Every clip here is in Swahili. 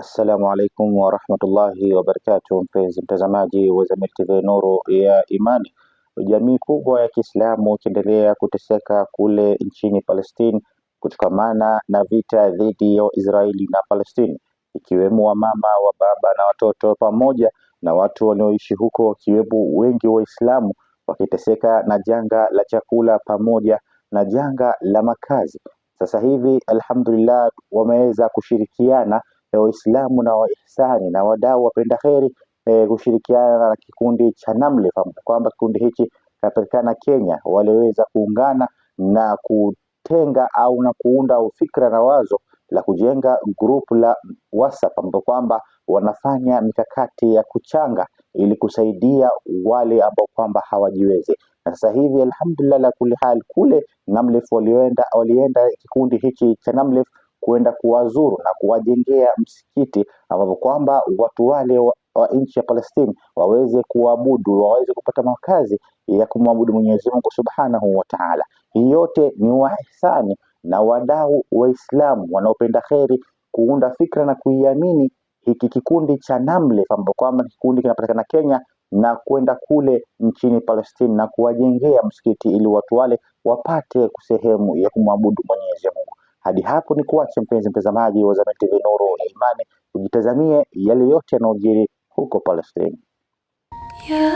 Assalamu alaikum warahmatullahi wabarakatuh, mpenzi mtazamaji wa Zamyl TV Nuru ya Imani. Jamii kubwa ya Kiislamu ikiendelea kuteseka kule nchini Palestine kutokamana na vita dhidi ya Israeli na Palestine, ikiwemo wamama wa baba na watoto pamoja na watu wanaoishi huko, wakiwemo wengi Waislamu wakiteseka na janga la chakula pamoja na janga la makazi. Sasa hivi alhamdulillah, wameweza kushirikiana ya Waislamu na waihsani na wadau wapenda heri e, kushirikiana na kikundi cha Namlef, kwamba kikundi hichi kinapatikana Kenya, waliweza kuungana na kutenga au na kuunda ufikra na wazo la kujenga grupu la WhatsApp ambapo kwamba wanafanya mikakati ya kuchanga ili kusaidia wale ambao kwamba hawajiwezi. Na sasa hivi alhamdulillah, la kulihal kule Namlef walienda, walienda kikundi hichi cha Namlef kuenda kuwazuru na kuwajengea msikiti ambapo kwamba watu wale wa, wa nchi ya Palestina waweze kuabudu, waweze kupata makazi ya kumwabudu Mwenyezi Mungu Subhanahu wa Ta'ala. Hii yote ni wahisani na wadau Waislamu wanaopenda kheri kuunda fikra na kuiamini hiki kikundi cha Namlef ambapo kwamba kikundi kinapatikana Kenya na kwenda kule nchini Palestina na kuwajengea msikiti ili watu wale wapate sehemu ya kumwabudu Mwenyezi Mungu. Hadi hapo ni kuacha mpenzi mtazamaji wa Zamyl TV nuru ya imani, ujitazamie yale yote yanayojiri huko Palestina. ya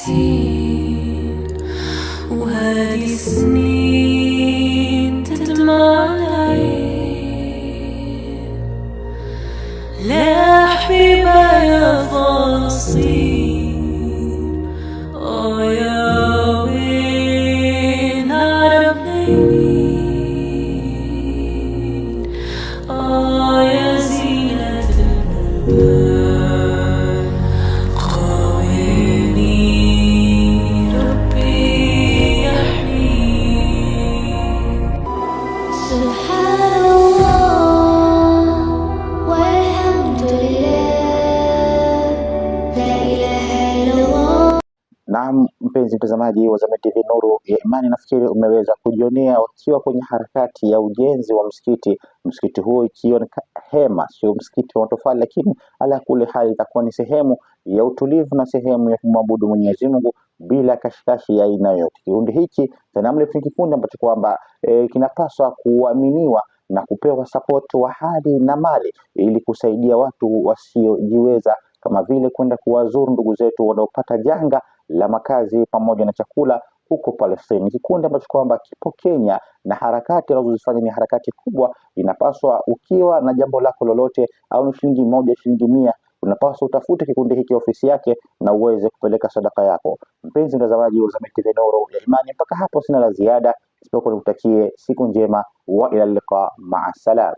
نفسي وهذه السنين تدمع العين لا حبيبة يا فلسطين Naam, mpenzi mtazamaji wa Zamyl TV Nuru ya Imani, nafikiri umeweza kujionea wakiwa kwenye harakati ya ujenzi wa msikiti, msikiti huo ikiwa ni hema, sio msikiti wa matofali, lakini ala kule hali itakuwa ni sehemu ya utulivu na sehemu ya kumwabudu Mwenyezi Mungu bila kashikashi ya aina yoyote. Kikundi hiki cha Namlef ni kikundi ambacho kwamba e, kinapaswa kuaminiwa na kupewa sapoti wa hali na mali ili kusaidia watu wasiojiweza kama vile kwenda kuwazuru ndugu zetu wanaopata janga la makazi pamoja na chakula huko Palestina. kikundi ambacho kwamba kipo Kenya na harakati anazozifanya ni harakati kubwa. Inapaswa ukiwa na jambo lako lolote, au ni shilingi moja, shilingi mia, unapaswa utafute kikundi hiki ofisi yake na uweze kupeleka sadaka yako. Mpenzi mtazamaji wa Zam TV Nuru ya Imani, mpaka hapo sina la ziada isipokuwa nikutakie siku njema, wa ila liqa, maa salam.